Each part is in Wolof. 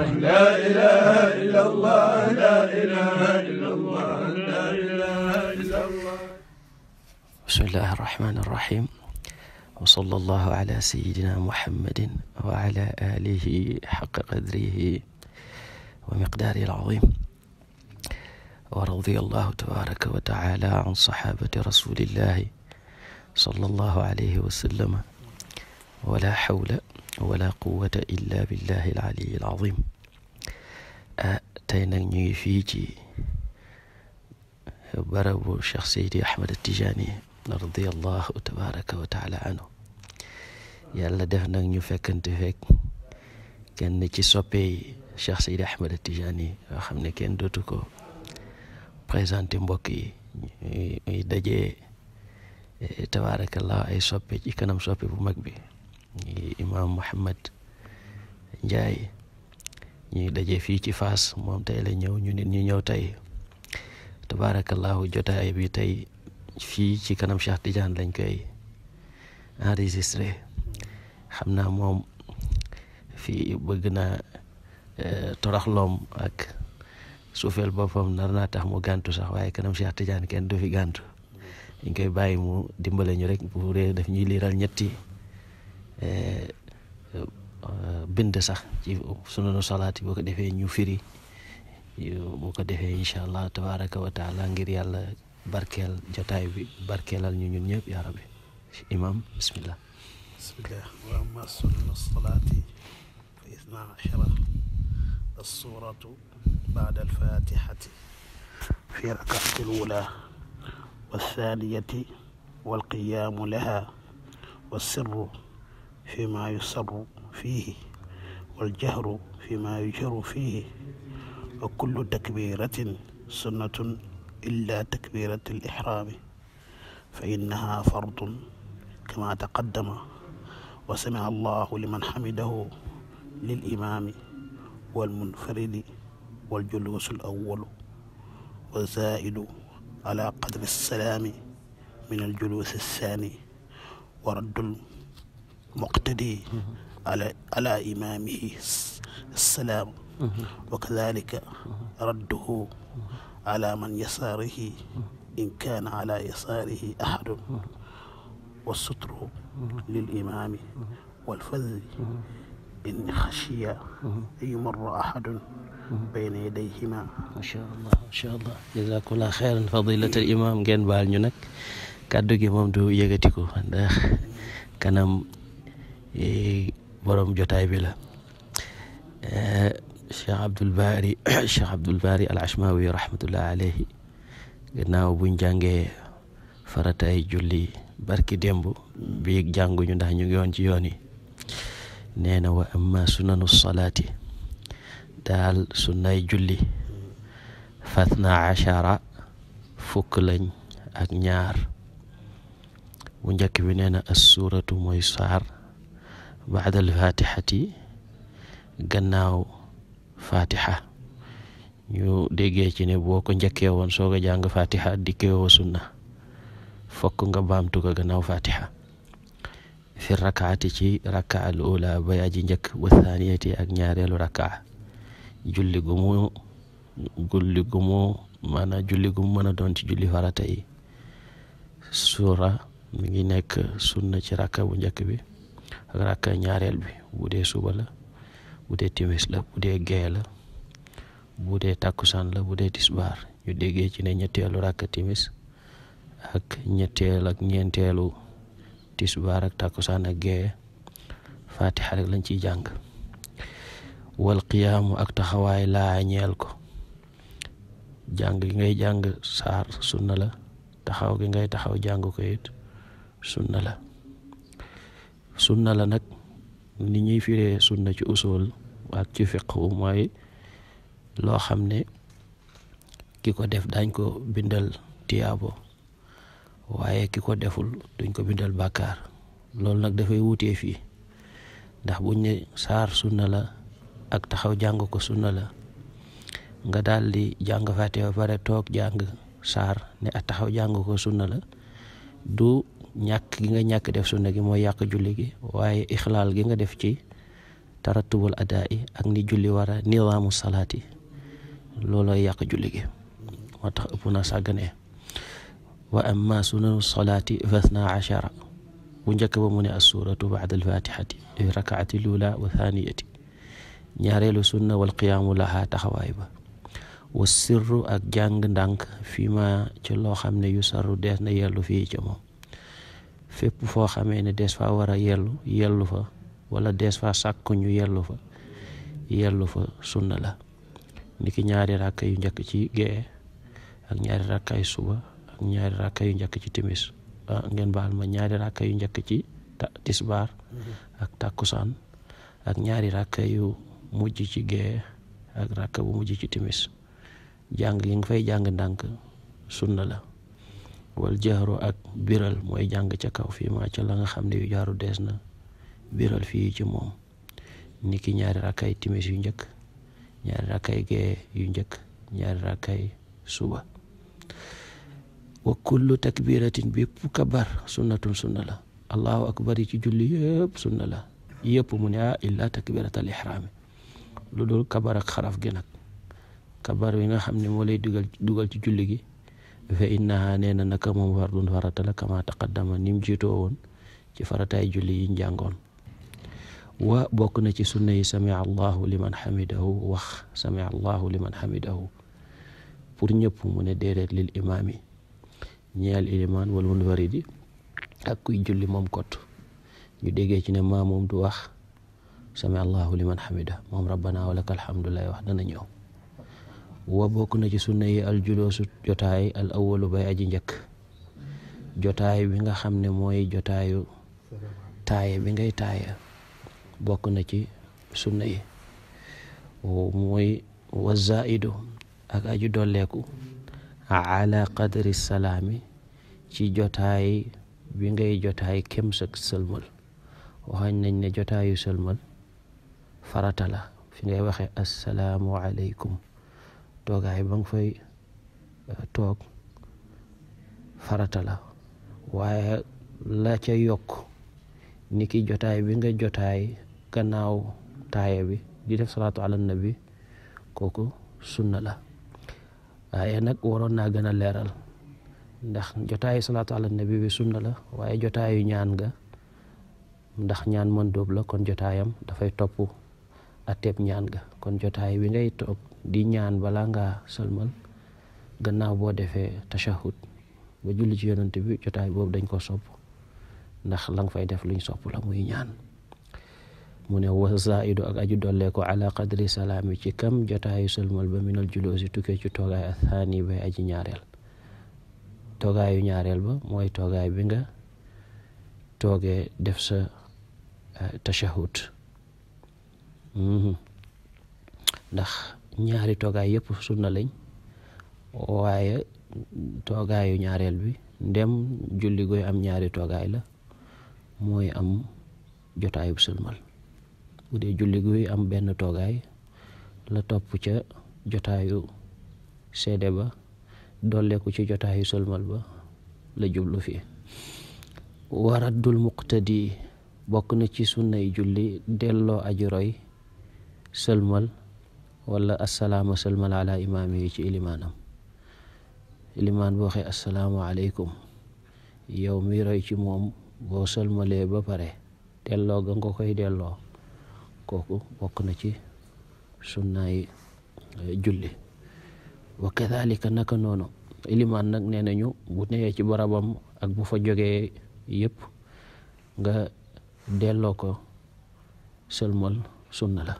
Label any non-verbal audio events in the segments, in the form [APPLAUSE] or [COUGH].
لا إله إلا الله لا إله إلا الله لا إله إلا الله بسم الله الرحمن الرحيم وصلى الله على سيدنا محمد وعلى آله حق قدره ومقداره العظيم ورضي الله تبارك وتعالى عن صحابة رسول الله صلى الله عليه وسلم ولا حول wala quwata illa billahi al aliyi al azim ah tey nag ñu ngi fii ci barabu Cheikh Seydi Ahmad Tijani radiallahu tabaraka wa taala anhu yàlla def nag ñu fekkante fekk kenn ci soppe Cheikh Seydi Ahmad Tijani yoo xam ne kenn dootu ko présenté mbokk yi ñuy dajee e- e tabaarakallah ay soppe ci kanam soppe bu mag bi ñi imaam Mouhamed Ndiaye ñuy daje fii ci Fass moom tey la ñëw ñu nit ñu ñëw tey tabaarakallahu jotaay bi tey fii ci kanam Cheikh Tidiane lañ koy enregistré xam naa moom fii bëgg naa eh, toroxloom ak suufeel boppam nar naa tax mu gàntu sax waaye kanam Cheikh Tidiane kenn du fi gàntu dañ koy bàyyi mu dimbale ñu rek bu réer daf ñuy liiral ñetti Eh, eh, bind sax ci sunanu salaati boo ko defee ñu firi boo ko defee incha allah tabaraka wa taala ngir yàlla barkeel jotaay bi barkeelal ñu ñun ñëpp yaa rabbi imam bismillah bismillah wa amma sunna salaati isna ashara assuratu baada alfatihati fi rakaati alula والثانية والقيام لها والسر fi ma yusaru fiihi waljahru fi ma yujharu fiihi wa kullu takbiratin sunnatun illa takbiratu lixraami fa innaha fardun kama taqaddama wa samia allahu liman xamidahu lilimaami walmunfaridi waljuluusu alawalu wa zaidu ala qadri alsalaami min aljuluusi alsaani wa raddul muqtadi ala ala imaamihi salaam wa kadalika radduhu ala man yasaarihi in kaana ala yasaarihi ahadun wa sutru lil imaami wal fadli in xashiya an yumurra ahadun bayna yadayhima macha allah macha allah jazakumullah xeyran fadilatal imam ngeen baal ñu nag kàddu gi moom du yëgatiku ndax kanam borom jotaay bi la eh, Cheikh Abdul Bari [CLEARS THROAT] Cheikh Abdul Bari al Ashmawi rahmatullah alayhi gannaaw buñ jàngee faratay julli barki démb bi jànguñu ndax ñu ngi ci yoon yi nee na wa amma sunanu salaati daal sunnay julli fatna achara fukk lañ ak ñaar bu njëkk bi nee na suuratu mooy saar baadal fatihati gannaaw fatiha ñu déggee ci ne boo ko njëkkee woon soog a jàng fatiha dikkeewoo sunna fokk nga baamtu ko gannaaw fatiha fi rakaati ci raka al ula bay aji njëkk wa thaniyati ak ñaareelu raka julli gu julli gu mu mën julli gu mu doon ci julli farata yi suura mi ngi nekk sunna ci raka bu njëkk bi rakka ñaareel bi bu suba la bu dee timis la bu dee la bu dee takkusaan la bu dee tisbaar ñu déggee ci ne ñetteelu rakka timis ak ñetteel ñeenteelu tisbaar ak takkusaan ak gee fatiha rek lañ ciy jàng wal qiyaamu ak taxawaay laa ñeel ko jàng gi ngay jàng saar sunna la taxaw gi ngay taxaw jàng ko sunna la sunna la nag ni ñuy firee sunna ci usol ak ci fiqhu mooy loo xam ne ki ko def dañ ko bindal tiyaabo waaye ki ko deful duñ ko bindal bàkkaar loolu nag dafay wutee fii ndax buñ ne saar sunna la ak taxaw jàng ko sunna la nga daal di jàng fàtte ba pare toog jàng saar ne ak taxaw jàng ko sunna la du ñàkk gi nga ñàkk def sunna gi mooy yàq julli gi waaye ixlaal gi nga def ci taratubul adaa yi ak ni julli war a nidaamu salaat yi looloo yàq julli gi moo tax ëpp na sàgganee wa amma sunanu salaati fasna achara bu njëkk ba mu ne assuratu bada alfatixati fi rakaati lula wa thaniyati ñaareelu sunna wal qiyaamu taxawaay ba wa sirru ak jàng ndànk fi ma ci loo xam ne yu sarru dees na yellu fii ca moom fépp foo xamee ne des fa war a yellu yellu fa wala des fa sàkku yellu fa yellu fa sunna la niki ñaari ràkka yu njëkk ci gée ak ñaari ràkka yu suba ak ñaari ràkka yu njëkk ci timis ah, ngeen baal ma ñaari ràkka yu njëkk ci tisbaar ak takkusaan ak ñaari ràkka yu mujj ci gée ak ràkka bu mujj ci timis jàng li nga fay jàng ndànk sunna la wal jaaru ak biral mooy jàng ca kaw fii ma ca la nga xam ne yu jaaru dees na biral fii ci moom niki ñaari rakkay timis yu njëkk ñaari rakkay gee yu njëkk ñaari rakkay suba wa kullu takbiratin bépp kabar sunnatun sunna la allahu akbar yi ci julli yëpp sunna la yëpp mu ne ah illa takbirat al ihrami lu dul kabar ak xaraf gi kabar wi nga xam ne moo lay dugal dugal ci julli gi fa innaha nee na naka moom fardun farata la kama taqaddama ni mu jiitoo ci farataay julli yi njàngoon wa bokk na ci sunna yi sami allahu liman xamidahu wax sami allahu liman xamidahu pour ñëpp mu ne déedéet lil imaam yi ñeel ilimaan wal munfaridi ak kuy julli moom kot ñu déggee ci ne maa moom du wax sami allahu liman xamida moom rabbana walaka ka lay wax dana ñëw wa bokk na ci sunna yi al juloosu jotaay al aji njëkk jotaay bi nga xam ne mooy jotaayu taaya bi ngay taaya bokk na ci sunna mooy wa zaidu ak aju dolleeku ala qadri salaami ci jotaay bi ngay jotaay kem sa sëlmal waxañ nañ ne jotaayu sëlmal farata la fi ngay waxe assalaamu aleykum toogaay ba nga fay euh, toog farata la waaye la yokk ni ki jotaay bi nga jotaay gannaaw taaya bi di def salaatu ala nabi kooku sunna la waaye nag waroon naa gën a leeral ndax jotaayu salaatu bi sunna la waaye jotaayu ñaan ga ndax ñaan mën la kon jotaayam dafay topp atteeb ñaan ga kon jotaay bi ngay toog di ñaan bala nga sëlmal gannaaw boo defee tashahud ba julli ci yonent bi jotaay boobu dañ ko sopp ndax la fay def luñ sopp la muy ñaan mu ne wa zaidu ak aju dollee ko ala qadri salaami ci kam jotaayu sëlmal ba minal juloosi tukkee ci toogaay athaani bay aji ñaareel toogaayu ñaareel ba mooy toogaay bi nga toogee def sa eh, tashahud mm-hmm. ndax ñaari toogaay yëpp sunna lañ waaye toogaayu ñaareel bi ndem julli goy am ñaari toogaay la mooy am jotaayu sulmal bu dee julli guy am benn toogaay la topp ca jotaayu seede ba dolleeku ci jotaayu sulmal ba la jublu fi waraddul muqtadi bokk na ci sunnay julli delloo aji roy sëlmal wala assalaama salmal ala imaam yi ci ilimaanam ilimaan boo waxee asalaamaaleykum yow mi roy ci moom boo salmalee ba pare delloo ga nga koy delloo kooku bokk na ci sunnaay eh, julli wa kadalika naka noonu ilimaan nag nee nañu bu newee ci barabam ak bu fa jógee yëpp nga delloo ko sëlmal sunna la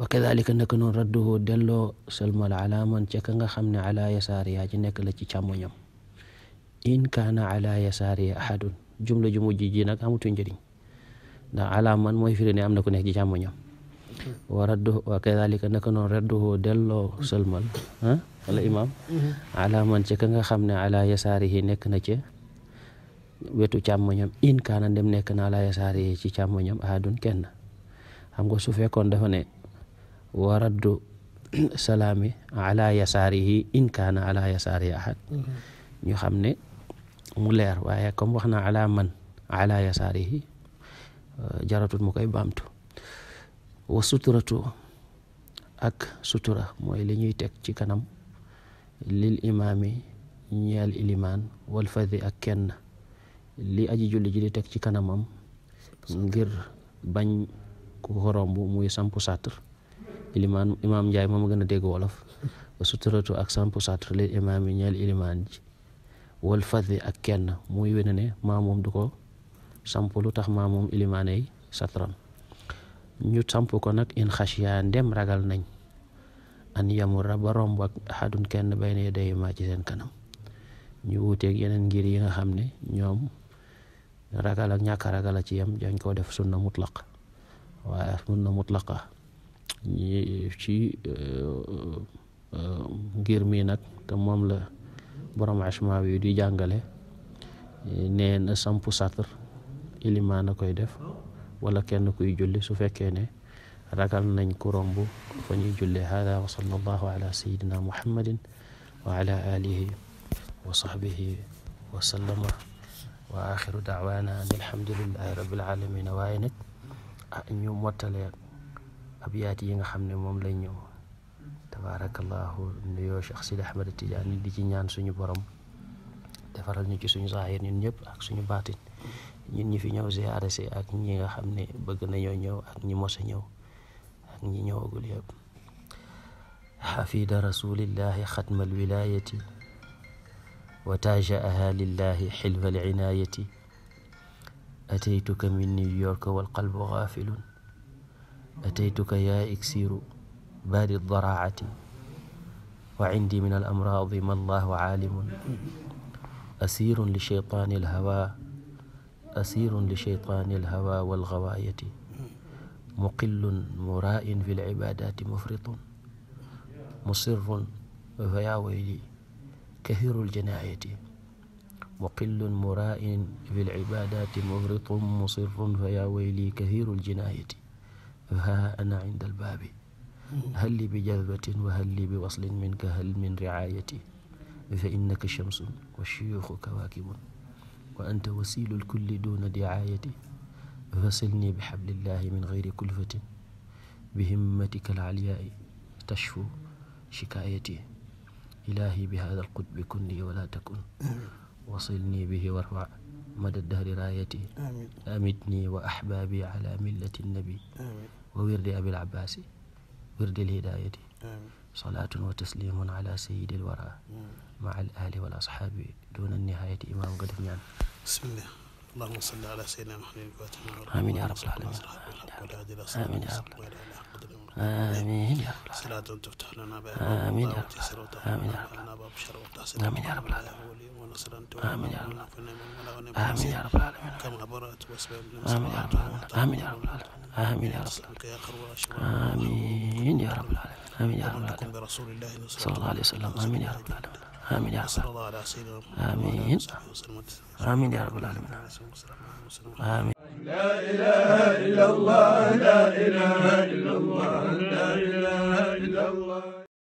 wa kadalika naka noonu radduhu delloo salmal ala man ka nga xam ne ala yasaariha ci nekk la ci càmmoñam in kaana ala yasaariha ahadun jumla ju mujj ji man mooy firi ne am na ku nekk ci càmmoñam hmm. ah, hmm. nga xam ne ala nekk na wetu càmmoñam in kaana dem nekk na ala yasaarihi ci càmmoñam ahadun kenn xam nga su fekkoon dafa wa raddu [CLEARS THROAT] salaami ala yasaarihi in kaana ala yasaarihi ahad mm-hmm. ñu xam ne mu leer waaye comme wax na man ala yasaarihi euh, jaratut mu koy baamtu wa suturatu ak sutura mooy li ñuy teg ci kanam lil imaami ñeel ilimaan wal ak kenn li aji julli ji teg ci kanamam ngir bañ ku ko muy sampu satr ilimaan imaam Njaay moom a gën a dégg wolof suturatu ak samp satre imaam yi ñeel ilimaan ji wal fadli ak kenn muy wene ne maamoom du ko samp lu tax maamoom ilimaane yi satram ñu samp ko nag in xashiya ndem ragal nañ an yamura ba romb ak axadun kenn bay ne day ma ci seen kanam ñu wuuteeg yeneen ngir yi nga xam ne ñoom ragal ak ñàkk ragal a ci yam dañ koo def sunna mutlaq waaye sunna mutlaqa ñi ci euh, euh, ngir mi nag moom la borom achma bi di jàngale nee na sampu satr ilimaan a koy def wala kenn kuy julli su fekkee ne ragal nañ ku romb fa ñuy jullee hada wa sallallahu ala sayidina muhammadin wa ala alihi wa sahbihi wa sallama wa axiru abyaat yi nga xam ne moom lay ñëw tabaarakallaahu nuyoo Cheikh Sidi Ahmed Tidiane di ci ñaan suñu borom defaral ñu ki suñu zaahir ñun ñëpp ak suñu baatin ñun ñi fi ñëw ziyaare si ak ñi nga xam ne bëgg nañoo ñëw ak ñi mos a ñëw ak ñi ñëwagul yëpp xafida rasulillahi xatma alwilayati wa taaja aha lillahi xilfa alcinayati ateytuka min new york walqalbu gaafilun ateytuka yaa iksiiru baadi daraacati wa cindi min alamraadi ma allahu caalimun asiirun li shaytaani alhawa asiirun li shaytaani alhawa walgawaayati muqillun muraa'in fi lcibaadaati mufritun musirrun fa yaa wayli kathiru ljanaayati muqillun muraa'in fi lcibaadaati mufritun musirrun fa yaa wayli kathiru ljanaayati haa ana inda albaabi hal li bi jazbatin wa hal li bi waslin minka hal min riaayati fa innaka shamsun wa shuyuuxu kawaakibun wa anta wasilu lkulli duna diaayati fasilni bi xablillahi min gayri kulfatin bi himmatika alcalyaai tashfu shikaayati ilaahi bi hada alqutbi kun li wala takun wasilni bihi warfa مدى الدهر رايتي أمتني وأحبابي على ملة النبي وورد أبي العباس ورد الهداية صلاة وتسليم على سيد الورى مع الآل والأصحاب دون النهاية إمام قدم يعني بسم الله اللهم صل على سيدنا محمد آمين يا رب العالمين آمين يا رب آمين يا رب صلاة تفتح لنا بها آمين يا رب آمين يا رب آمين يا رب العالمين آمين يا رب آمين يا رب العالمين كما برأت آمين يا رب العالمين آمين يا رب العالمين آمين يا رب العالمين آمين يا رب العالمين آمين يا رب العالمين صلى الله عليه وسلم آمين يا رب العالمين amin ya rabbal alamin amin ya rabbal alamin amin la ilaha illa allah la ilaha illa allah la ilaha illa allah